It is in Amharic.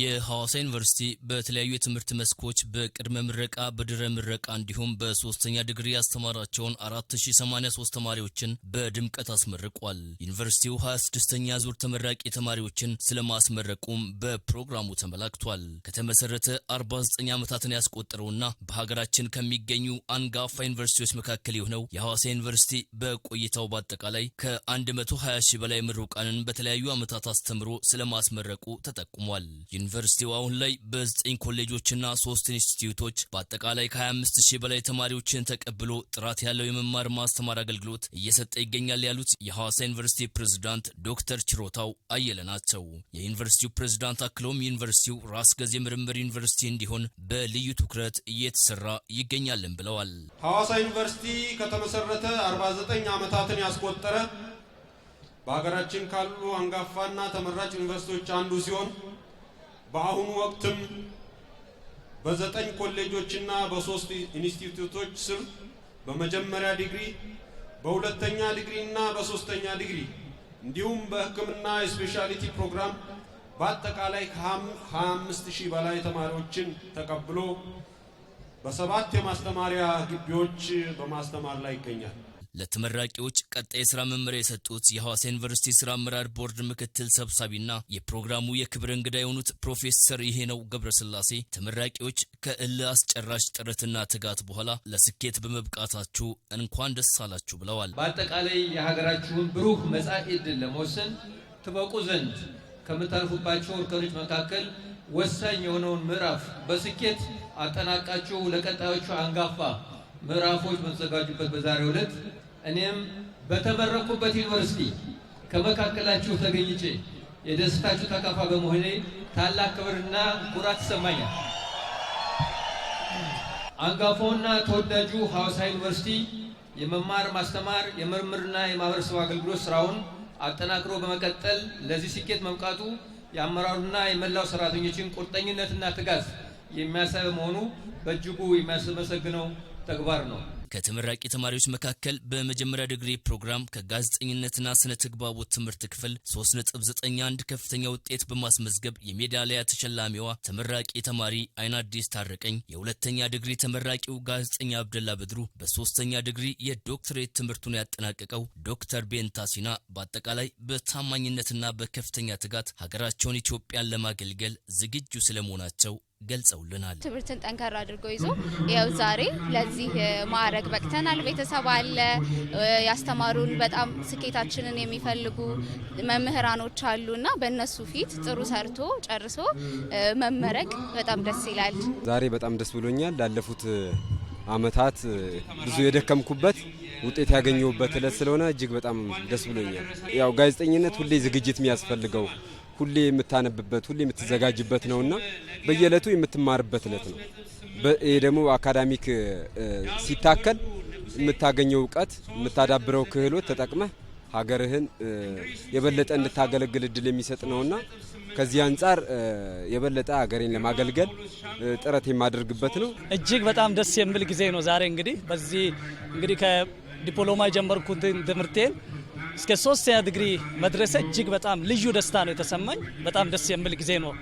የሐዋሳ ዩኒቨርሲቲ በተለያዩ የትምህርት መስኮች በቅድመ ምረቃ፣ በድረ ምረቃ እንዲሁም በሶስተኛ ዲግሪ ያስተማራቸውን 4083 ተማሪዎችን በድምቀት አስመርቋል። ዩኒቨርሲቲው 26ኛ ዙር ተመራቂ ተማሪዎችን ስለማስመረቁም በፕሮግራሙ ተመላክቷል። ከተመሰረተ 49 ዓመታትን ያስቆጠረውና በሀገራችን ከሚገኙ አንጋፋ ዩኒቨርሲቲዎች መካከል የሆነው የሐዋሳ ዩኒቨርሲቲ በቆይታው በአጠቃላይ ከ120 ሺህ በላይ ምሩቃንን በተለያዩ ዓመታት አስተምሮ ስለማስመረቁ ተጠቁሟል። ዩኒቨርሲቲው አሁን ላይ በ9 ኮሌጆችና 3 ኢንስቲትዩቶች በአጠቃላይ ከ25 ሺህ በላይ ተማሪዎችን ተቀብሎ ጥራት ያለው የመማር ማስተማር አገልግሎት እየሰጠ ይገኛል ያሉት የሐዋሳ ዩኒቨርሲቲ ፕሬዝዳንት ዶክተር ችሮታው አየለ ናቸው። የዩኒቨርሲቲው ፕሬዝዳንት አክለውም ዩኒቨርሲቲው ራስ ገዜ ምርምር ዩኒቨርሲቲ እንዲሆን በልዩ ትኩረት እየተሰራ ይገኛልን ብለዋል። ሐዋሳ ዩኒቨርሲቲ ከተመሰረተ 49 ዓመታትን ያስቆጠረ በሀገራችን ካሉ አንጋፋና ተመራጭ ዩኒቨርሲቲዎች አንዱ ሲሆን በአሁኑ ወቅትም በዘጠኝ ኮሌጆችና በሶስት ኢንስቲትዩቶች ስር በመጀመሪያ ዲግሪ፣ በሁለተኛ ዲግሪ እና በሶስተኛ ዲግሪ እንዲሁም በሕክምና የስፔሻሊቲ ፕሮግራም በአጠቃላይ ከ25 ሺህ በላይ ተማሪዎችን ተቀብሎ በሰባት የማስተማሪያ ግቢዎች በማስተማር ላይ ይገኛል። ለተመራቂዎች ቀጣይ የስራ መመሪያ የሰጡት የሐዋሳ ዩኒቨርሲቲ ስራ አመራር ቦርድ ምክትል ሰብሳቢና የፕሮግራሙ የክብር እንግዳ የሆኑት ፕሮፌሰር ይሄነው ገብረስላሴ ተመራቂዎች ከእልህ አስጨራሽ ጥረትና ትጋት በኋላ ለስኬት በመብቃታችሁ እንኳን ደስ አላችሁ ብለዋል። በአጠቃላይ የሀገራችሁን ብሩህ መጻኢ ዕድል ለመወሰን ትበቁ ዘንድ ከምታልፉባቸው እርከኖች መካከል ወሳኝ የሆነውን ምዕራፍ በስኬት አጠናቃችሁ ለቀጣዮቹ አንጋፋ ምዕራፎች በተዘጋጁበት በዛሬው ዕለት እኔም በተመረኩበት ዩኒቨርሲቲ ከመካከላችሁ ተገኝቼ የደስታችሁ ተካፋ በመሆኔ ታላቅ ክብርና ኩራት ይሰማኛል። አንጋፋውና ተወዳጁ ሐዋሳ ዩኒቨርሲቲ የመማር ማስተማር፣ የምርምርና የማህበረሰብ አገልግሎት ስራውን አጠናክሮ በመቀጠል ለዚህ ስኬት መብቃቱ የአመራሩና የመላው ሰራተኞችን ቁርጠኝነትና ትጋት የሚያሳይ መሆኑ በእጅጉ የሚያስመሰግነው ተግባር ነው። ከተመራቂ ተማሪዎች መካከል በመጀመሪያ ዲግሪ ፕሮግራም ከጋዜጠኝነትና ስነ ተግባቦት ትምህርት ክፍል 3.91 ከፍተኛ ውጤት በማስመዝገብ የሜዳሊያ ተሸላሚዋ ተመራቂ ተማሪ አይናዲስ ታረቀኝ፣ የሁለተኛ ዲግሪ ተመራቂው ጋዜጠኛ አብደላ በድሩ፣ በሶስተኛ ዲግሪ የዶክትሬት ትምህርቱን ያጠናቀቀው ዶክተር ቤንታሲና በአጠቃላይ በታማኝነትና በከፍተኛ ትጋት ሀገራቸውን ኢትዮጵያን ለማገልገል ዝግጁ ስለመሆናቸው ገልጸውልናል። ትምህርትን ጠንከር አድርጎ ይዞ ያው ዛሬ ለዚህ ማዕረግ በቅተናል። ቤተሰብ አለ፣ ያስተማሩን በጣም ስኬታችንን የሚፈልጉ መምህራኖች አሉ በእነሱ ፊት ጥሩ ሰርቶ ጨርሶ መመረቅ በጣም ደስ ይላል። ዛሬ በጣም ደስ ብሎኛል። ላለፉት አመታት ብዙ የደከምኩበት ውጤት ያገኘሁበት እለት ስለሆነ እጅግ በጣም ደስ ብሎኛል። ያው ጋዜጠኝነት ሁሌ ዝግጅት የሚያስፈልገው ሁሌ የምታነብበት ሁሌ የምትዘጋጅበት ነውና በየዕለቱ የምትማርበት እለት ነው። ይህ ደግሞ አካዳሚክ ሲታከል የምታገኘው እውቀት የምታዳብረው ክህሎት ተጠቅመህ ሀገርህን የበለጠ እንድታገለግል እድል የሚሰጥ ነውና ከዚህ አንጻር የበለጠ ሀገሬን ለማገልገል ጥረት የማደርግበት ነው። እጅግ በጣም ደስ የሚል ጊዜ ነው ዛሬ እንግዲህ በዚህ እንግዲህ ከዲፕሎማ የጀመርኩትን ትምህርቴን እስከ ሶስተኛ ዲግሪ መድረሰ እጅግ በጣም ልዩ ደስታ ነው የተሰማኝ። በጣም ደስ የሚል ጊዜ ነው